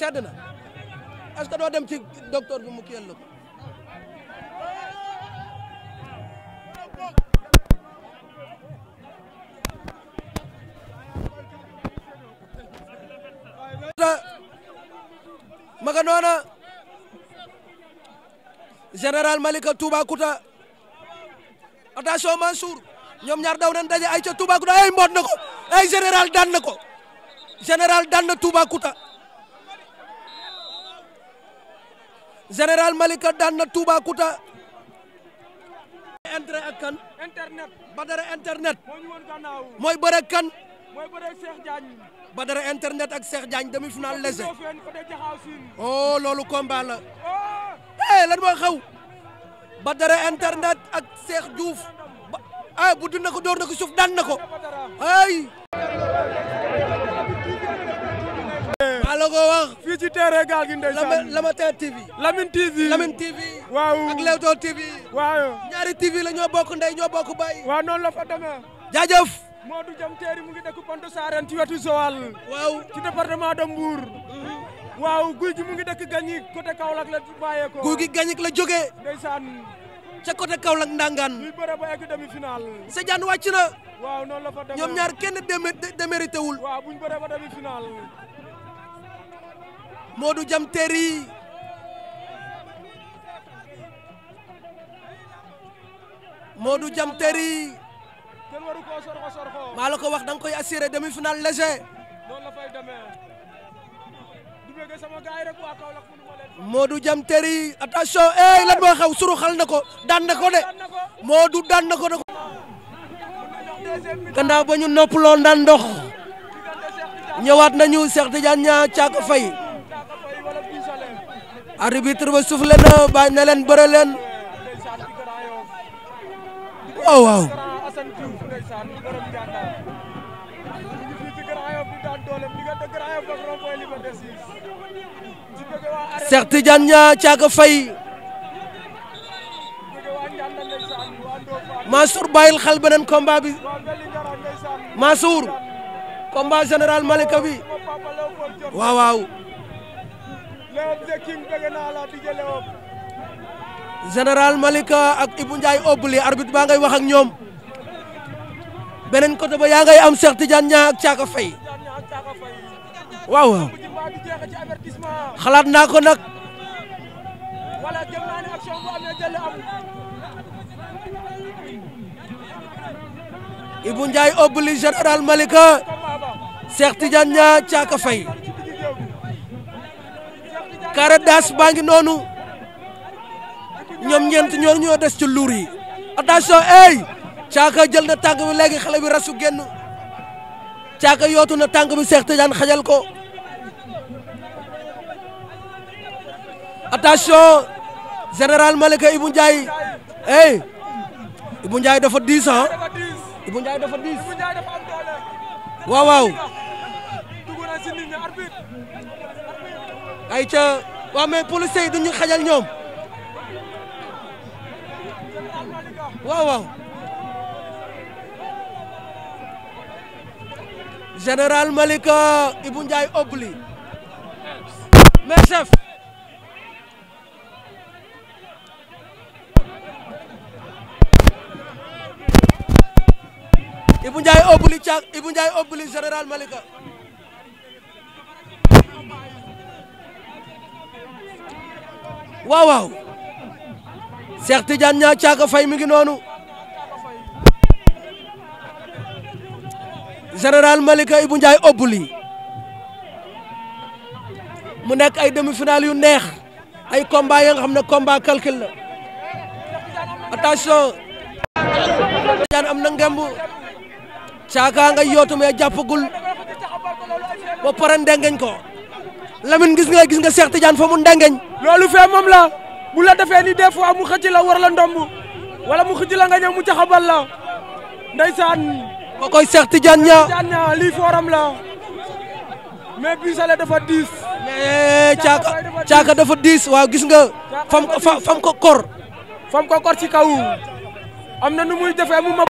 sedd na est que doo dem ci docteur bi mu kiyal la ko maga noona général Malika Toubacouta attention Mansour ñoom ñaar daw nañ daje ay ca Toubacouta ay mboot na ko ay général daan ko général daan na Toubacouta général Malika daan na Toubacouta intérêt ak kan internet Badara internet mooy bëre kan mooy bëre Cheikh Diagne Badara internet ak Cheikh Diagne demi-finale lese oh loolu combat la eh lan moo xew Badara internet ak Cheikh Diouf ah buddi na ko door na ko suuf daan ko ay la ko wax. fii ci terrain gaal gi ndeysaan. Lamyn TV. Lamyn TV. Lamyn TV. waaw ak Leewtoo TV. waaw ñaari TV la ñoo bokk ndey ñoo bokk bay. waaw noonu la fa demee. jaajëf. Modou Jam Teeri mu ngi dëkk Pointe Sarène ci wetu Joal. waaw ci département de Mbour. Mhm. waaw guy gi mu ngi dëkk Gagnic côté Kaolack la bàyyeekoo. guy gi Gagnic la jógee. ndeysaan. ca côté Kaolack Ndangan. muy bëre ba egg demi-finale. Sadiane wàcc na. waaw noonu la fa demee ñoom ñaar kenn démé démérité wul. waaw buñ bëree ba demi-finale. Modou Jam Terry Modou Jam Terry maa la ko wax da nga koy assuré demi-finale léger Modou Jam Terry attention eh lan moo xew suru xal na ko daan na ko de Modou daan na ko de. gannaaw ba ñu noppaloo ndaan ndox ñëwaat nañu Cheikh Tidiane Niang Thiaka Faye arbitre ba soufflé na leen bëre leen waaw waaw Cheikh Tidiane Niang Thiaka Faye Mansour bàyyil xel beneen combat bi Mansour combat général Malika bi waaw waaw général Malika ak Ibou Ndiaye Obli arbitre baa ngay wax ak ñoom beneen côté ba yaa ngay am Cheikh Tidiane Niang ak Thiaka Faye waaw waaw xalaat naa ko nag Ibou Ndiaye Obli général Malika Cheikh Tidiane Niang Thiaka Faye kaara daas baa ngi noonu ñoom ñeent ñoo ñoo des ci luur yi attention ey caaka jël na tànk bi léegi xale bi rasu génn caaka yootu na tànk bi Seex te Tijaan xajal ko attention général Malika Ibou Ndiaye ey Ibou Ndiaye dafa diis ah Ibou dafa diis waaw ay ca waaw mais policiers yi duñu xajal ñoom waaw waaw général Malika Ibou Ndiaye obli mais chef Ibou obli ca Ibou obli général Malika waaw waaw Cheikh Tidiane ñaa caaka fay mi ngi noonu général Malika Ibou Ndiaye Obli mu nekk ay demi-finale yu neex ay combat ya nga xam ne combat calcul la attention Tidiane am na caaka nga yootu mais jàppagul ba pare ndengeñ ko Lamine gis nga gis nga Cheikh Tidiane fa mu ndengeñ loolu fee moom la bu la defee ni des fois mu xëcc la war la ndomb wala mu xëcc la nga ñëw mu caxabal la ndeysaan ko koy seex Tidiane Niang Tidiane Niang lii fooram la mais Bisalé dafa diis mais caaka caaka dafa diis waaw gis nga fam fam ko kor fam ko kor ci kaw am na nu muy defee mu ma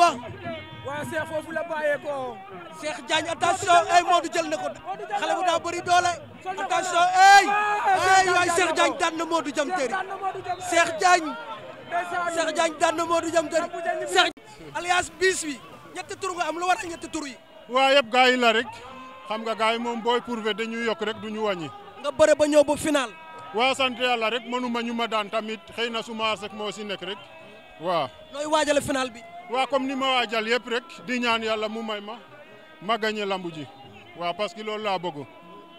wax. waaw Cheikh foofu la bàyyeekoo. Cheikh Diagne attention ay Modou jël na ko xale bu daa bëri doole. attention ay ay waay Cheikh Diagne daan na Modou jam tëri. Cheikh Diagne. Cheikh Diagne daan na Modou jam tëri. Cheikh alias bis bi ñetti tur nga am lu war a ñetti tur yi. waaw yëpp gars yi la rek xam nga gars yi moom booy pourvé dañuy yokk rek du ñu wàññi. nga bëre ba ñëw ba final. waaw sant yàlla rek mënuma ñu ma daan tamit xëy na suma sek moo si nekk rek waaw. nooy waajale final bi. waaw comme ni ma waajal yëpp rek di ñaan yàlla mu may ma ma gagné lambu ji waaw parce que loolu laa bëggu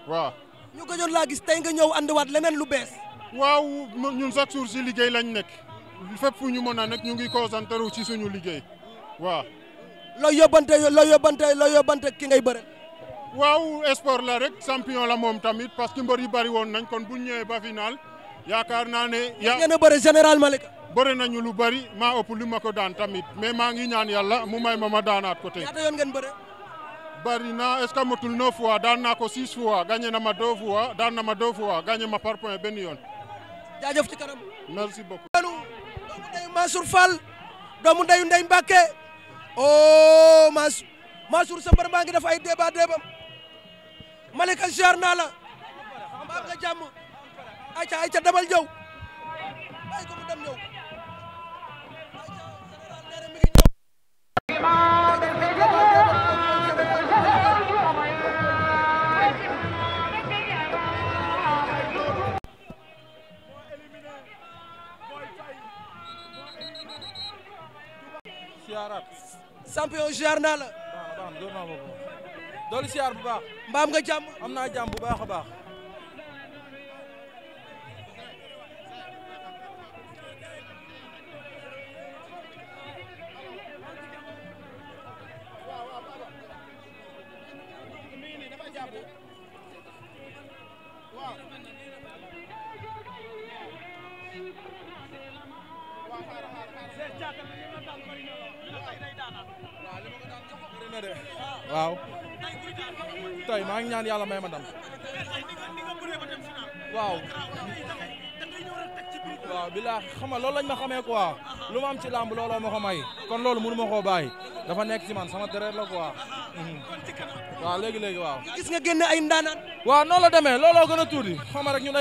waaw. ñu gëjoon laa gis tey nga ñëw andiwaat leneen lu bees. waaw ñun chaque jour si liggéey lañ nekk fépp fu ñu mën a nekk ñu ngi concentré wu ci suñu liggéey waaw. loo yóbbante loo yóbbante loo yóbbante ki ngay bëre. waaw sport la rek champion la moom tamit parce que mbër yi bari woon nañ kon bu ñu ñëwee ba final yaakaar naa ne. yaa ngeen a bëre général Malika. bëri nañu lu bari maa ëpp li ma ko daan tamit mais maa ngi ñaan yàlla mu may ma ma daanaat ko tey. ñaata yoon ngeen bëre. bëri na est ce que matul daan naa ko six fois gagné na ma deux fois daan na ma deux fois gagné ma par point benn yoon. jaajëf ci kanam. merci beaucoup. doomu ndeyu Mansour Fall oh, maa ngi def ay débat débam Malika champion ziar naa la. bu baax. mbaam nga jàmm. am naa jàmm bu baax a baax. ngi ñaan yàlla may ma ndam waaw waaw bilaa xam nga loolu lañ ma xamee quoi lu ma am ci làmb looloo ma ko may kon loolu mënu ma koo bàyyi dafa nekk ci man sama deret la quoi mhm. waaw léegi waaw. gis nga génn ay ndaanaan. waaw noonu la demee looloo gën a tuuti xam rek ñun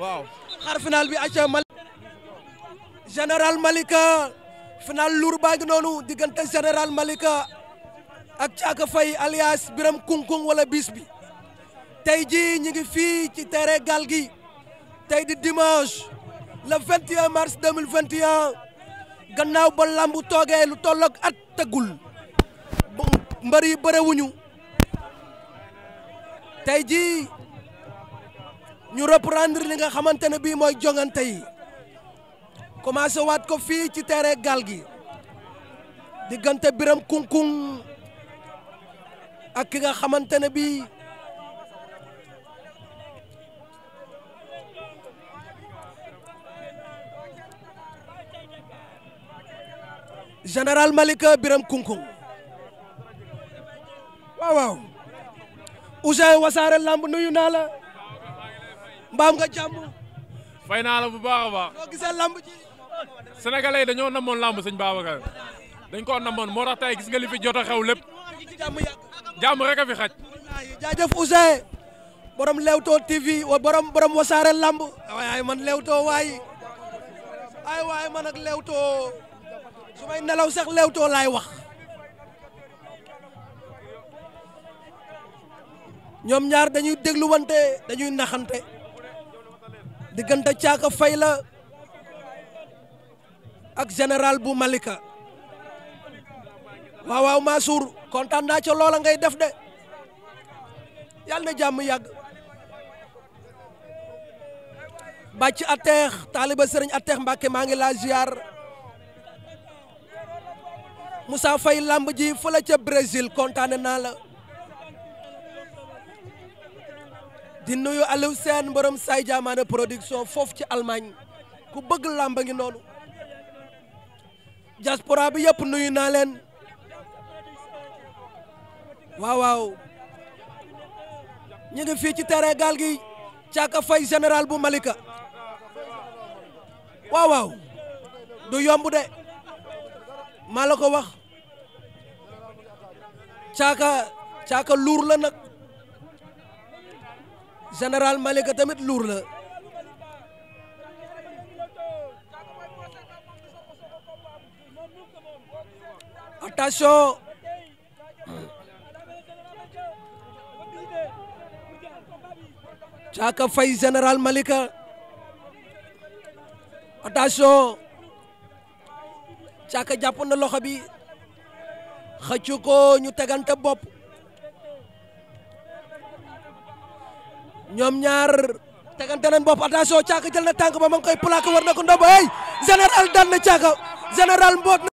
waaw. xaar final bi acca Malick. général Malika final lourd baa ngi noonu diggante général Malika. ak Caaka Fay alias Biram Kunkung wala biis bi tey ji ñu ngi fii ci terrain gal gi tey di dimanche le 21 mars 2021 gannaaw ba lambu toogee lu tolloog at tëggul mbër yi tey ji ñu reprendre li nga xamante ne bii mooy jongante yi commencé waat ko fii ci terrain gal gi diggante Biram Kunkung ak ki nga xamante ne bii général Malika Biram Kunkung waaw waaw Ouzin Wassare Lamb nuyu naa la mbaam nga jàmm fay naa la bu baax a baax lamb ji sénégalais yi dañoo namoon lamb sëñ Babacar dañ koo namoon moo tax tey gis nga li fi jot a xew lépp jàmm rek a fi xaj. jaajëf Ouzin borom Leewtoo TV borom wasaare lamb waaye man Leewtoo waay ay waay man ak Leewtoo su may nelaw sax Leewtoo laay wax ñoom ñaar dañuy dégluwante dañuy naxante diggante caaka fay la ak général bu Malika waaw waaw Mansour kontaan naa ca loola ngay def de yàlla na jàmm yàgg bàcc atteex taaliba sëriñ atteex mbàkke maa ngi laa ziar Moussa fay làmb ji fële ca Brésil kontaane naa la di nuyu Aliou Sène borom say jaamaane production foofu ci Allemagne ku bëgg làmb ngi noonu diaspora bi yëpp nuyu naa leen waaw waaw ñu ngi fii ci terrain gaal gi Thiaka Faye général bu Malika waaw waaw du yomb de maa la ko wax Thiaka Thiaka luur la nag général Malika tamit luur la attention Caaka Faye général Malika attention Caaka jàpp na loxo bi xëccu ko ñu tegante bopp ñoom ñaar tegante nañ bopp attention Caaka jël na tànk ba ma ngi koy plaqué war na ko général daan na général mboot